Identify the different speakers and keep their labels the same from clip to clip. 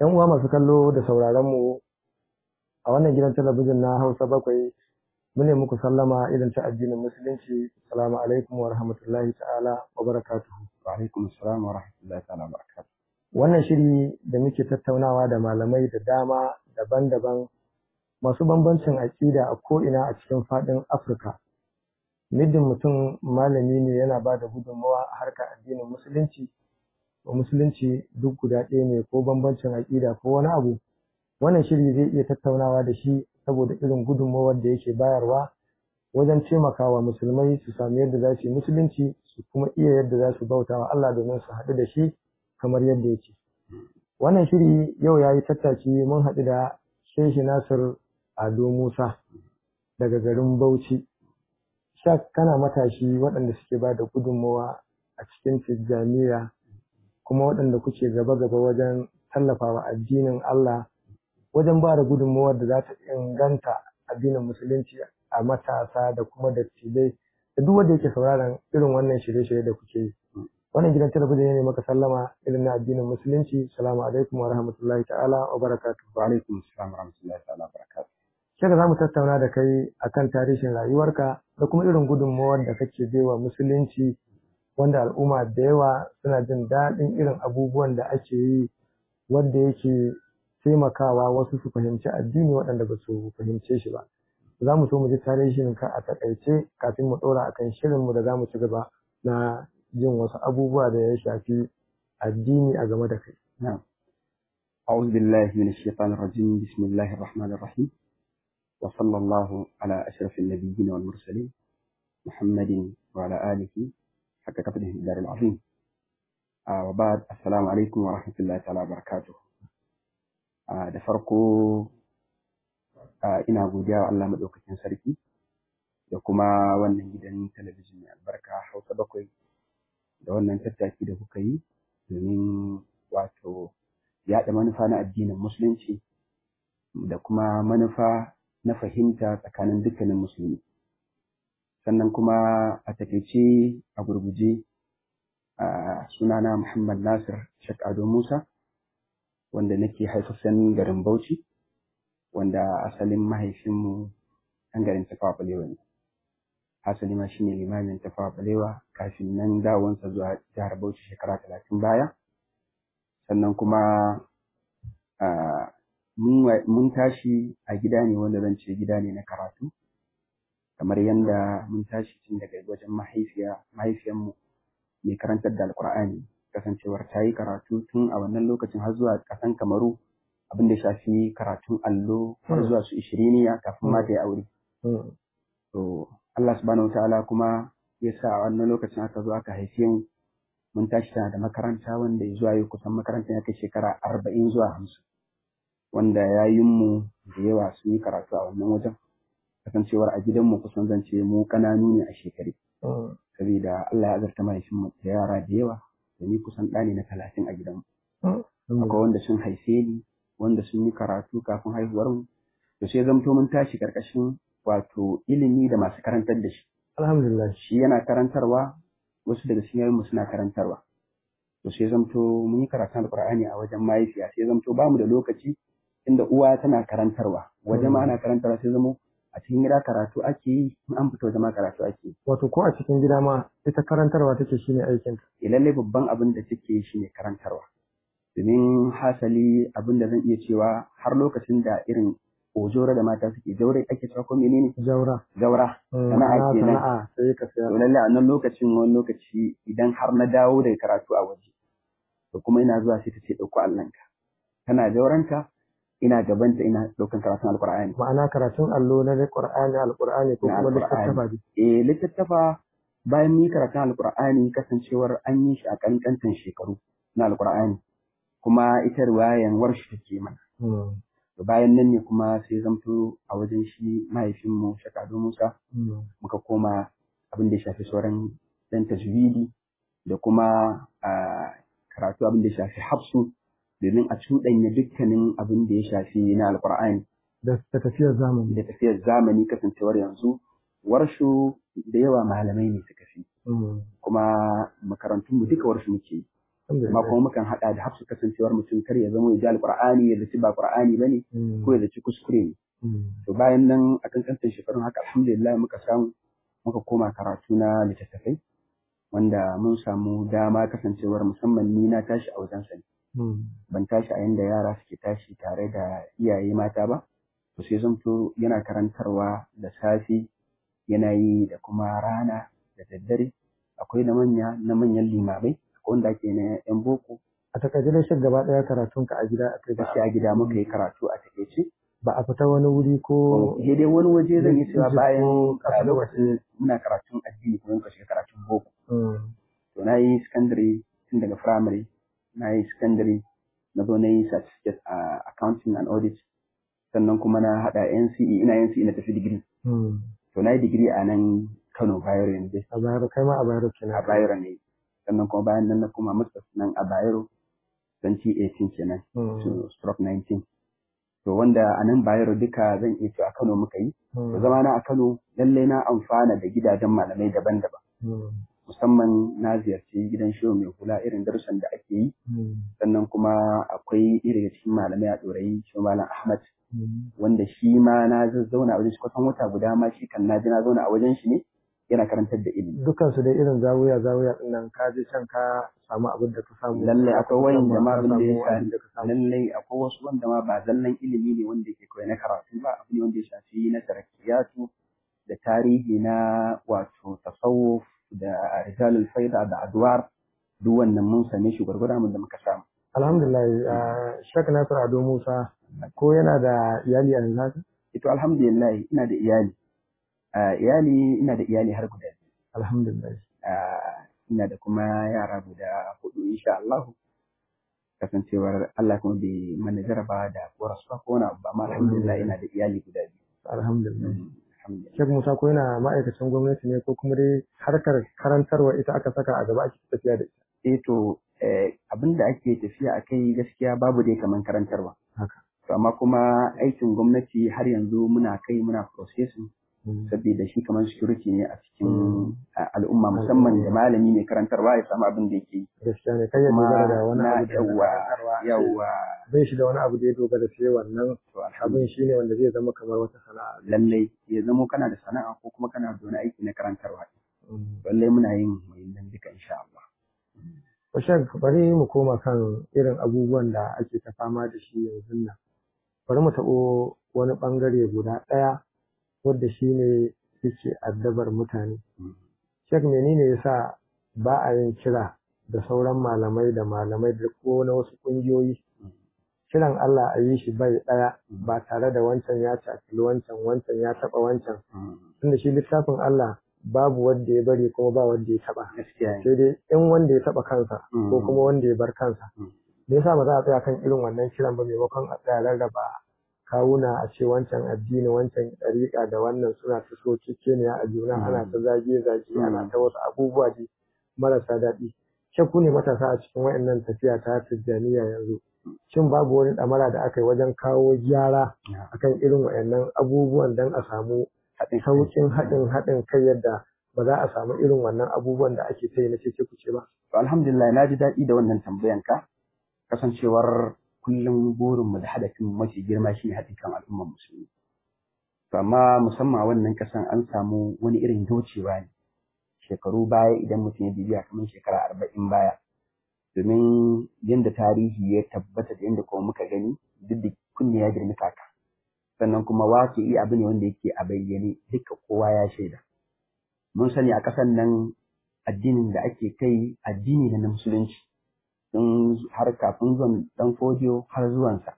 Speaker 1: 'yan uwa masu kallo da sauraron mu a wannan gidan talabijin na Hausa bakwai mune muku sallama idan ta addinin musulunci assalamu alaikum wa rahmatullahi ta'ala wa barakatuhu wa alaikum
Speaker 2: assalam wa rahmatullahi ta'ala wa barakatuhu
Speaker 1: wannan shiri da muke tattaunawa da malamai da dama daban-daban masu bambancin aƙida a ko'ina a cikin faɗin Afirka midin mutum malami ne yana ba da gudunmawa a harkar addinin musulunci wa musulunci duk guda ɗaya ne ko bambancin aƙida ko wani abu wannan shiri zai iya tattaunawa da shi saboda irin gudunmawar da yake bayarwa wajen taimakawa musulmai su sami yadda za su yi musulunci su kuma iya yadda za su bauta wa Allah domin su haɗu da shi kamar yadda yake wannan shiri yau ya yi tattaki mun haɗu da Sheikh Nasir Ado Musa daga garin Bauchi shak kana matashi waɗanda suke ba da gudunmawa a cikin tijjaniya kuma waɗanda kuke gaba-gaba wajen tallafawa addinin Allah wajen ba da gudunmawar da za ta inganta addinin musulunci a matasa da kuma dattijai da duk wanda yake sauraron irin wannan shirye-shirye da kuke yi. Wannan gidan talabijin ne maka sallama irin na addinin musulunci. Salamu alaikum wa rahmatullahi ta'ala wa barakatuhu. Wa alaikum salam wa rahmatullahi ta'ala wa barakatuhu. Shaka za mu tattauna da kai akan tarihin rayuwarka da kuma irin gudunmawar da kake bai wa musulunci wanda al'umma da yawa suna jin daɗin irin abubuwan da ake yi wanda yake taimakawa wasu su fahimci addini waɗanda ba su fahimce shi ba za mu so mu ji tarihin ka a takaice kafin mu ɗora akan shirin mu da za mu ci gaba na jin wasu abubuwa da ya shafi addini a game da kai
Speaker 2: أعوذ بالله من الشيطان الرجيم بسم الله الرحمن الرحيم وصلى الله على أشرف النبيين والمرسلين محمد وعلى آله حق da الجلال العظيم wa ba assalamu alaikum wa rahmatullahi ta'ala barakatuh da farko ina godiya wa Allah madaukakin sarki da kuma wannan gidan talabijin mai albarka Hausa bakwai da wannan tattaki da kuka yi domin wato yaɗa manufa na addinin musulunci da kuma manufa na fahimta tsakanin dukkanin musulmi sannan kuma a takaice a gurguje a sunana Muhammad Nasir Sheikh Ado Musa wanda nake haifafen garin Bauchi wanda asalin mahaifinmu ɗan garin Tafawa Balewa ne. Asali ma shine limamin Tafawa Balewa kafin nan dawonsa zuwa jihar Bauchi shekara talatin baya. Sannan kuma mun tashi a gida ne wanda zan ce gida ne na karatu kamar yadda mun tashi tun daga wajen mahaifiya mahaifiyanmu mai karantar da alkur'ani kasancewar ta yi karatu tun a wannan lokacin har zuwa kasan kamaru abin da shafi karatun allo har zuwa su ishiriniya kafin ma ta yi aure to Allah subhanahu ta'ala kuma ya sa a wannan lokacin aka zo aka haife mu mun tashi tana da makaranta wanda ya zuwa yau kusan makaranta ya kai shekara arba'in zuwa hamsin wanda yayin mu da yawa sun yi karatu a wannan wajen kasancewar cewar a mu kusan zan ce mu kananu ne a shekaru hmm. saboda Allah ya azarta mahaifin mu da yara da yawa da ni kusan ɗani na talatin a gidanmu hmm. Hmm. akwai wanda sun haife ni wanda sun yi karatu kafin haihuwar mu to sai zamto mun tashi karkashin wato ilimi da masu karantar da shi alhamdulillah shi yana karantarwa wasu daga cikin mu suna karantarwa to sai zamto mun yi karatun alqur'ani a wajen mahaifiya sai zamto bamu da lokaci inda uwa tana karantarwa waje ma ana karantarwa sai zamo a cikin gida karatu ake yi in an fito zama karatu ake yi. Wato ko a cikin gida ma ita karantarwa take shine aikin ka. Eh, lallai babban abin da take shine karantarwa. Domin hasali abin da zan iya cewa har lokacin da irin ojora da mata suke jaure ake cewa ko menene? Jaura. Jaura. Eh, sana'a kenan. Sana'a sai Lallai a nan lokacin wani lokaci idan har na dawo daga karatu a waje. To kuma ina zuwa sai ta ce ɗauko allanka Tana jauranta ina gaban ta ina dokan karatun alƙur'ani ma'ana karatun allo na alƙur'ani alƙur'ani ko kuma littattafa eh littattafa bayan ni karatun alƙur'ani kasancewar an yi shi a ƙanƙantan shekaru na alƙur'ani kuma ita riwayan warshi take mana hmm. bayan nan ne kuma sai zamto a wajen shi mahaifin mu shakadu musa hmm. muka koma abin da shafi sauran dan tajwidi da kuma ah, karatu abin da shafi hafsu domin a cuɗanya dukkanin abin da ya shafi na alƙur'ani da tafiyar zamani da tafiyar zamani kasancewar yanzu warshu da yawa malamai ne suka fi hmm. kuma makarantun mu duka warshu muke amma kuma mukan haɗa da hafsu kasancewar mutum kar ya zama ya ji alƙur'ani ya zaci ba ƙur'ani ba ne hmm. ko ya zaci kuskure ne hmm. to bayan nan a kankantar shekarun haka alhamdulillah muka samu muka koma karatu na littattafai wanda mun samu dama kasancewar musamman ni na tashi a wajen sani Hmm. ban tashi a yanda yara suke tashi tare da iyaye mata ba to sai zan fito yana karantarwa da safe yana yi da kuma rana da daddare akwai na manya na manyan limamai akwai wanda ake na yan boko a takaice dai gaba ɗaya karatun ka a gida a kai a gida muka yi karatu a
Speaker 1: takaice ba a fita wani wuri ko sai dai wani waje zan yi cewa bayan
Speaker 2: lokacin muna karatun addini ko shiga karatun boko hmm. to na yi secondary tun daga firamare. na yi secondary na zo na yi certificate a accounting and audit sannan kuma na haɗa NCE ina NCE na tafi digiri. Hmm. To na yi digiri a nan Kano Bayero yanzu. A Bayero kai ma a Bayero kenan. A Bayero ne. Sannan kuma bayan nan na kuma masters nan a Bayero 2018 kenan hmm. to stroke 19. To wanda a nan Bayero duka zan iya cewa a Kano muka yi. Hmm. To zama na a Kano lallai na amfana da gidajen malamai daban-daban. musamman na ziyarci gidan shiwo mai kula irin darussan da ake yi hmm. sannan kuma akwai iri daga cikin malamai a ɗorayi shi malam ahmad hmm. wanda shi ma na zauna a wajen shi kusan wata guda ma shi kan naji na zauna a wajen shi ne yana karantar da ilimi dukkan su da irin zawuya zawuya din nan ka je can ka samu abin da ka samu lalle akwai wani da ma abin da ya shafi lalle akwai wasu wanda ma ba zallan ilimi ne wanda ke koyi na karatu ba abu ne wanda ya shafi na tarakiyatu da tarihi na wato tasawuf da rijalul faida da adwar duk wannan mun same shi gwargwada mun da muka samu alhamdulillah uh, shaka nasir ado musa ko yana da iyali a yanzu haka ito eh alhamdulillah ina da iyali iyali ina da iyali har guda biyu alhamdulillah ina da kuma yara guda hudu insha Allah kasancewar Allah kuma bai mana jaraba da korasuwa ko wani abu ba amma alhamdulillah ina da iyali guda biyu alhamdulillah mm. shek Musa ko yana ma'aikacin gwamnati ne ko kuma dai harkar karantarwa ita aka saka a gaba ake tafiya da ita. Eh to eh, abin da ake tafiya a kai gaskiya babu dai kamar karantarwa. Haka. To amma kuma aikin gwamnati har yanzu muna kai muna processing saboda shi kamar security ne a cikin al'umma musamman da malami mai karantarwa ya samu abin da yake gaskiya ne kai ya dogara da wani abu yawa yawa bin shi da wani abu da ya dogara sai wannan abin ne wanda zai zama kamar wata sana'a lalle ya zama kana da sana'a ko kuma kana da wani aiki na karantarwa mm. lalle muna yin wayannan duka insha Allah
Speaker 1: Bashar bari mu koma kan irin abubuwan da ake ta fama da shi yanzu nan bari mu taɓo wani ɓangare guda ɗaya wadda shi ne yake addabar mutane. Shek menene yasa ba a yin kira da sauran malamai da malamai da ko na wasu ƙungiyoyi. Kiran Allah a yi shi bai ɗaya ba tare da wancan ya cakili wancan wancan ya taɓa wancan. Tunda shi littafin Allah babu wanda ya bari kuma ba wanda ya taɓa. Sai dai in wanda ya taɓa kansa ko mm. kuma wanda ya bar kansa. Mm. Me yasa ba za a tsaya kan irin wannan kiran ba maimakon a tsaya rarraba kawuna a ce wancan addini wancan ɗariƙa da wannan suna ta so ne a juna mm. ana ta zage zage mm. ana ta wasu abubuwa dai marasa daɗi shakku ne matasa a cikin wa'annan tafiya ta tijjaniya yanzu shin babu wani ɗamara da aka yi wajen kawo gyara akan irin wa'annan abubuwan don a samu sauƙin haɗin haɗin kai yadda ba za a samu
Speaker 2: irin wannan abubuwan da ake ta yi na cece ce ba. alhamdulillah na ji daɗi da wannan tambayanka kasancewar kullum burinmu da hadafin mafi girma shine haɗin kan al'ummar musulmi to amma musamman a wannan kasan an samu wani irin docewa ne shekaru baya idan mutum ya bibiya kamar shekara arba'in baya domin yadda tarihi ya tabbata da yadda kuma muka gani duk da kunne ya girmi kaka sannan kuma waƙi abu ne wanda yake a bayyane duka kowa ya shaida mun sani a ƙasan nan addinin da ake kai addini ne na musulunci tun har kafin zuwan dan fodiyo har zuwansa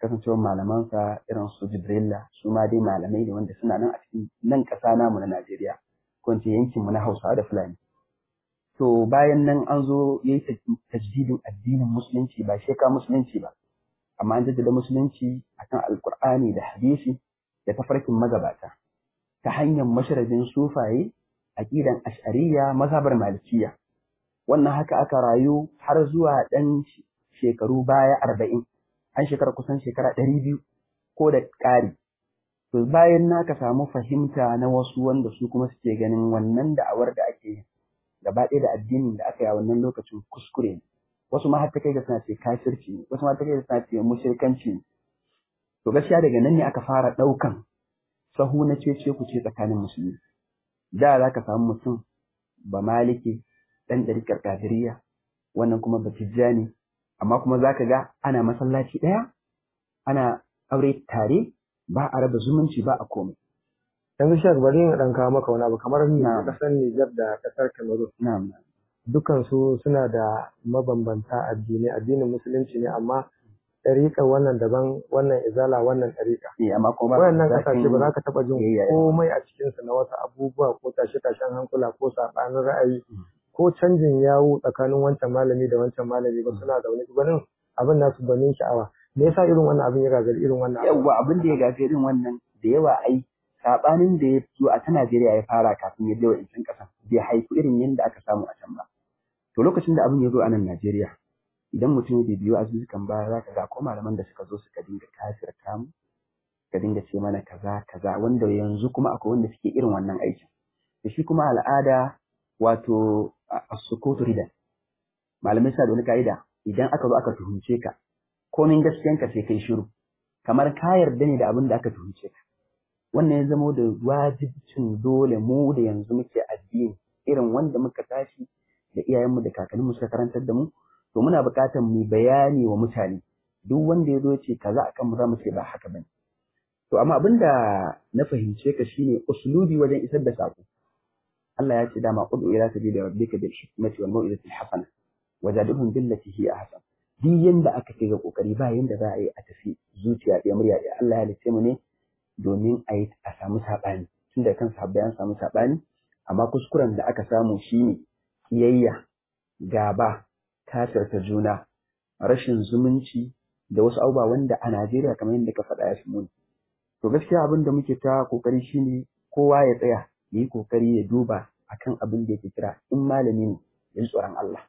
Speaker 2: kasancewar malamansa irin su jibrilla su ma dai malamai ne wanda suna nan a cikin nan ƙasa namu na najeriya ko yankin mu na hausawa da fulani to bayan nan an zo ya yi tajdidin addinin musulunci ba sheka musulunci ba amma an jaddada musulunci akan alkur'ani da hadisi da tafarkin magabata ta hanyar masharabin sufaye aqidan ash'ariyya mazhabar malikiyya wannan haka aka rayu har zuwa ɗan shekaru baya arba'in an shekara kusan shekara ɗari biyu ko da ƙari to bayan na ka samu fahimta na wasu wanda su kuma suke ganin wannan da'awar da ake yi gaba ɗaya da addinin da aka yi a wannan lokacin kuskure ne wasu ma har ta kai ga suna ce kafirci ne wasu ma ta kai ga suna ce mushrikanci ne to gaskiya daga nan ne aka fara ɗaukan sahu na cece ku ce tsakanin musulmi da za ka samu mutum ba maliki ɗan ɗarikar ƙadiriya wannan kuma ne. amma kuma za ka ga ana masallaci ɗaya ana aure tare ba a raba zumunci ba a komai yanzu shek bari in ɗan kawo maka wani abu kamar
Speaker 1: ƙasar Nijar da ƙasar Cameroon dukan su suna da mabambanta addini addinin musulunci ne amma ɗariƙa wannan daban wannan izala wannan ɗariƙa. Eh, amma kuma wayannan ƙasashe ba za ka taɓa jin komai a cikinsu na wasu abubuwa ko tashe-tashen hankula ko saɓanin ra'ayi mm. ko canjin yawo tsakanin wancan malami da wancan
Speaker 2: malami ba suna zaune gwanin abin nasu gwanin sha'awa me yasa irin wannan abin ya gagari irin wannan yawa abin da ya gagari irin wannan da yawa ai sabanin da ya fito a ta Najeriya ya fara kafin ya dawo in kasa bai haifi irin yadda aka samu a can ba to lokacin da abin ya zo a nan Najeriya idan mutum ya bibiyo azuzukan baya za ka ga ko malaman da suka zo suka dinga kafir mu ka dinga ce mana kaza kaza wanda yanzu kuma akwai wanda suke irin wannan aikin da shi kuma al'ada wato as-sukutu rida malamai sa da wani ka'ida idan aka zo aka tuhunce ka komin ka sai kai shiru kamar ka yarda ne da abin da aka tuhunce ka wannan ya zamo da wajibcin dole mu da yanzu muke addini irin wanda muka tashi da iyayenmu da kakanninmu suka karantar da mu to muna buƙatar mu bayani wa mutane duk wanda ya zo ce kaza akan mu za mu ce ba haka bane to amma abin da na fahimce ka shine uslubi wajen isar da sako Allah ya ce dama qul ila sabili rabbika bil hikmati wal mau'izati al hasana wajadhum billati hi ahsan duk yanda aka ce ga kokari ba yanda za a yi a tafi zuciya da murya da Allah ya lice mu ne domin a yi a samu sabani tunda kan sahabbai an samu sabani amma kuskuren da aka samu shine kiyayya gaba kasarta juna rashin zumunci da wasu abubuwa wanda a Najeriya kamar yadda ka faɗa ya fi muni. To gaskiya abin da muke ta kokari shine kowa ya tsaya ya yi kokari ya duba a kan abin da yake kira in malami ne ya ji tsoron Allah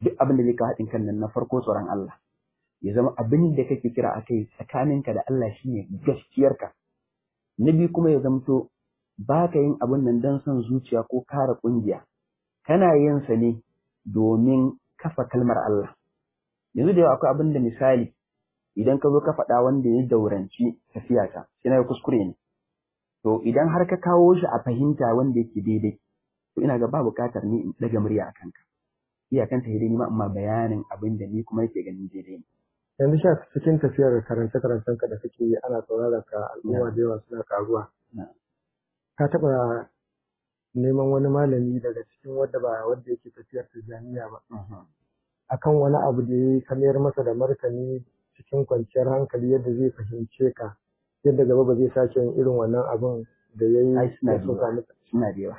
Speaker 2: duk abin da zai kawo haɗin kan nan na farko tsoron Allah ya zama abin da kake kira a kai tsakaninka da Allah shi ne gaskiyarka na biyu kuma ya zamto ba ka yin abin nan don son zuciya ko kare ƙungiya kana yin sa ne domin kafa kalmar Allah yanzu da yawa akwai abin da misali idan ka zo ka faɗa wanda ya dauranci tafiya ta sai na kuskure ne to idan har ka kawo shi a fahimta wanda yake daidai to ina ga ba buƙatar ni in daga murya a kanka kan ta ma amma bayanin abin da ni kuma yake ganin daidai ne yanzu sha cikin tafiyar karance karancen ka da kake
Speaker 1: yi ana saurara ka al'umma da yawa suna karuwa ka taɓa neman wani malami daga cikin wadda ba wanda yake tafiyar jami'a ba akan wani abu da ya yi kamar masa da martani cikin kwanciyar hankali yadda zai fahimce ka yadda gaba ba zai sake yin irin wannan abin da ya yi ya soka masa. Suna da yawa.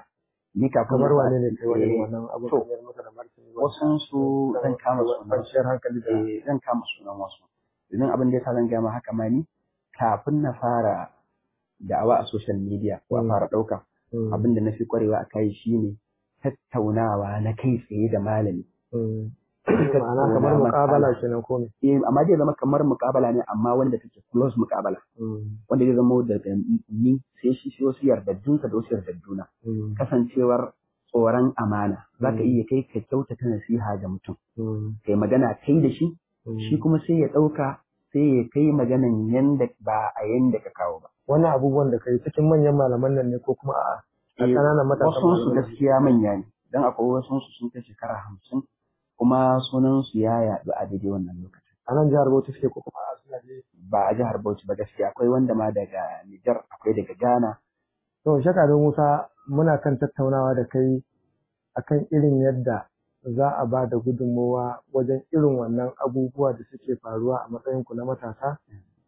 Speaker 2: Ni kafin kuma ba ne kai wani wannan abin da ya masa da martani. Wasu su zan kama sunan kwanciyar hankali da zan kama sunan wasu. Idan eh, abin da ya sa zan gama haka ma ni kafin na fara da'awa a social media ko a hmm. fara ɗauka hmm. abin da na fi kwarewa a kai shi ne tattaunawa na kai tsaye da malami. Hmm. ma'ana kamar muƙabala ko eh amma zai zama kamar muƙabala ne amma wanda take close muƙabala mm. wanda zai zama da ni sai shi shi wasu yardaddun ka da wasu mm. kasancewar tsoron amana za ka mm. iya kai ka kyauta ta nasiha ga mutum kai magana kai da shi shi kuma sai ya ɗauka sai ya kai maganan yanda ba a yanda ka kawo ba. Wani abubuwan da kai cikin manyan malaman nan ne ko kuma a eh, ƙananan matasan Wasu gaskiya manya ne, don akwai wasu su sun kai shekara hamsin kuma sunan su ya yaɗu a daidai wannan lokacin a nan jihar Bauchi suke ko kuma a suna ba a jihar Bauchi ba gaskiya akwai wanda ma daga Nijar akwai daga Ghana to shaka don Musa muna
Speaker 1: kan tattaunawa da kai akan irin yadda za a ba da gudunmowa wajen irin wannan abubuwa da suke faruwa a matsayin ku na matasa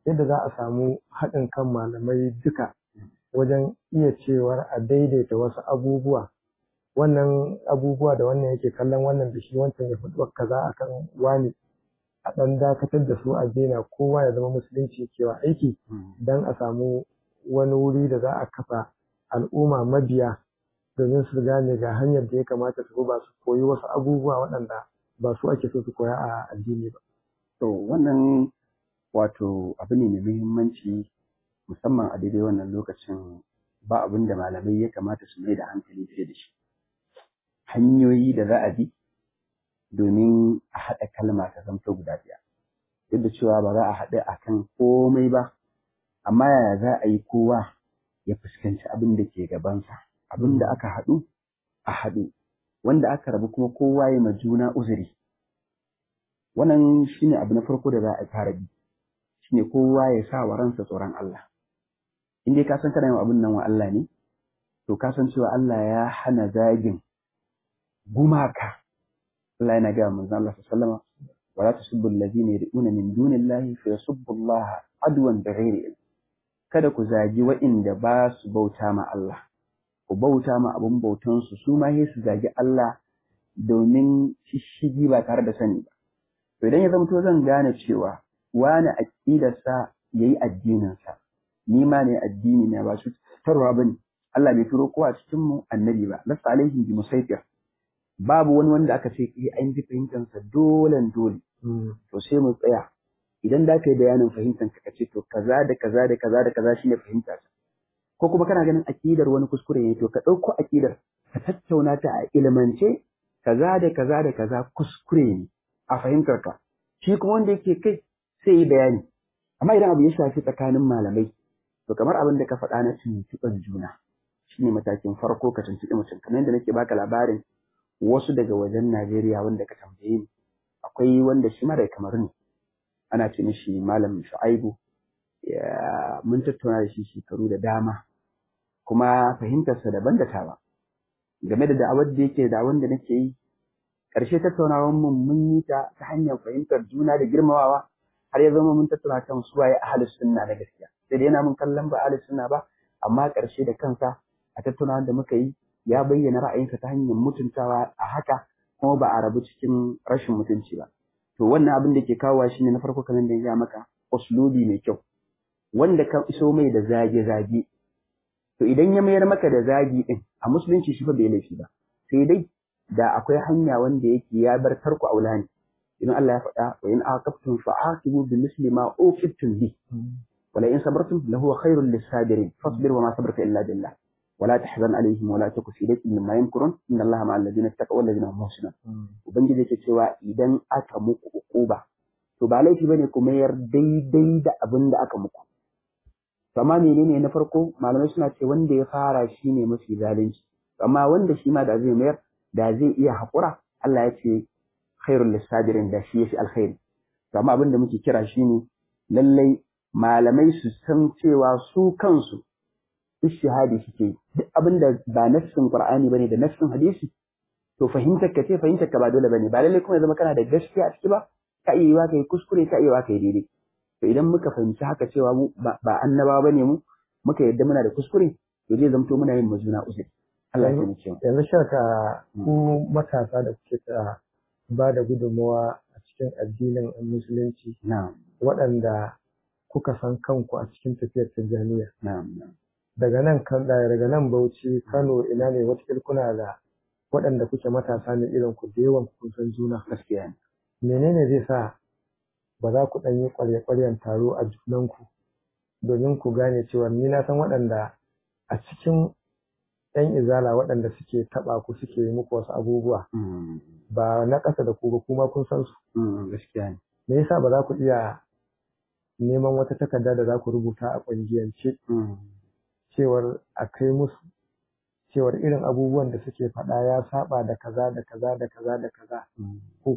Speaker 1: yadda za a samu haɗin kan malamai duka wajen iya cewar a daidaita wasu abubuwa wannan abubuwa da wannan yake kallon wannan da shi wancan ya faɗi kaza akan wani a ɗan dakatar da su a daina kowa ya zama musulunci kewa aiki hmm. don a samu wani wuri da za a kafa al'umma mabiya domin su gane ga hanyar da ya kamata su ba su koyi wasu abubuwa waɗanda ba su ake so
Speaker 2: su koya a addini ba. To wannan wato abu ne mai muhimmanci musamman a daidai wannan lokacin ba abin da malamai ya kamata su mai da hankali fiye da shi. hanyoyi da za a bi domin a haɗa kalma ta zamto guda ɗaya duk da cewa ba za a haɗu a kan komai ba amma yaya za a yi kowa ya fuskanci abin da ke gabansa abin da aka haɗu a haɗu wanda aka rabu kuma kowa ya ma juna uzuri wannan shine abu na farko da za a fara bi shine kowa ya sa wa ransa tsoron Allah in dai ka san kana yin abin nan wa Allah ne to ka san cewa Allah ya hana zagin gumaka Allah yana ga manzon Allah sallama alaihi wasallam wala allazina yad'una min dunillahi fa yasubbu Allah adwan bighairi kada ku zagi wa'inda ba su bauta ma Allah ku bauta ma abun bautan su su ma sai su zagi Allah domin shishigi ba tare da sani ba to idan ya zamto zan gane cewa wani aqidarsa yayi addininsa ni ma ne addini na ba su tarwa bane Allah bai turo kowa cikin mu annabi ba lasta alaihi bi musaitir babu wani wanda aka ce eh an ji fahimtansa dolan dole hmm. to sai mu tsaya idan da ka yi bayanin fahimtar ka ce to kaza da kaza da kaza da kaza shine fahimta ko kuma kana ganin akidar wani kuskure ne to ka ɗauko akidar ka tattauna ta a ilmance kaza da kaza da kaza kuskure ne a fahimtar ka shi kuma wanda yake kai sai yi bayani amma idan abu ya shafi tsakanin malamai to kamar abin da ka faɗa na tuntuɓar juna shine matakin farko ka tuntuɓi mutum kamar yadda nake baka labarin wasu daga wajen Najeriya wanda ka tambaye ni akwai wanda shi mara kamar ne ana ce mishi malam Shu'aibu mun tattauna da shi shekaru da dama kuma fahimtarsa daban da tawa game da da'awar da yake da wanda nake yi ƙarshe tattaunawar mu mun yi ta ta hanyar fahimtar juna da girmamawa har ya zama mun tattauna kan su waye ahlus sunna na gaskiya sai dai yana mun kallon ba ahlus sunna ba amma ƙarshe da kansa a tattaunawar da muka yi ya bayyana ra'ayinsa ta hanyar mutuntawa a haka kuma ba a rabu cikin rashin mutunci ba to wannan abin da ke kawowa shine na farko kamar da ya maka uslubi mai kyau wanda ka iso mai da zage zage to idan ya mayar maka da zagi ɗin, a musulunci shi fa bai laifi ba sai dai da akwai hanya wanda yake ya bar tarku aulani idan Allah ya faɗa wa in aqabtum fa aqibu bi misli ma uqibtum bi hmm. wala in sabartum lahu khairul lisabirin fasbir wa ma sabarta illa billah wala tahzan alaihim wala da fi dai mimma yamkurun inna allaha ta ladina taqaw wal ladina muhsinun ubangiji yake cewa idan aka muku ukuba to ba laifi bane ku mayar daidai da abin da aka muku amma menene na farko malamai suna ce wanda ya fara shine mafi zalunci amma wanda shi ma da zai mayar da zai iya haƙura Allah ya ce khairul lisabirin da shi yafi alkhairi to amma abin da muke kira shine lallai malamai su san cewa su kansu ishihadi suke duk abin da ba nassin qur'ani bane da nassin hadisi to fahimtar ka ce fahimtar ka ba dole bane ba lalle kuma ya zama kana da gaskiya a ciki ba ka iya yiwa kai kuskure ka iya kai daidai to idan muka fahimci haka cewa mu ba annabawa bane mu muka yadda muna da kuskure to zai zamto muna yin mazuna uzuri Allah ya taimake mu
Speaker 1: yanzu shaka ku matasa da kuke ta ba da gudunmawa a cikin addinin musulunci na'am waɗanda kuka san kanku a cikin tafiyar tijjaniya na'am na'am daga nan kan daga nan Bauchi Kano ina ne wata kuna da waɗanda kuke matasa ne irin ku da yawan kun san juna gaskiya menene zai sa ba za ku ɗan yi ƙwarya-ƙwaryan taro a ku domin ku gane cewa ni na san waɗanda a cikin ‘yan izala waɗanda suke taɓa ku suke yi muku wasu abubuwa mm. ba na ƙasa da ku ba kuma kun san su. Mm, Me yasa ba za ku iya neman wata takarda da za ku rubuta a ƙungiyance mm. cewar a kai musu cewar irin abubuwan da suke faɗa ya saɓa da kaza da kaza da kaza da kaza mm. ko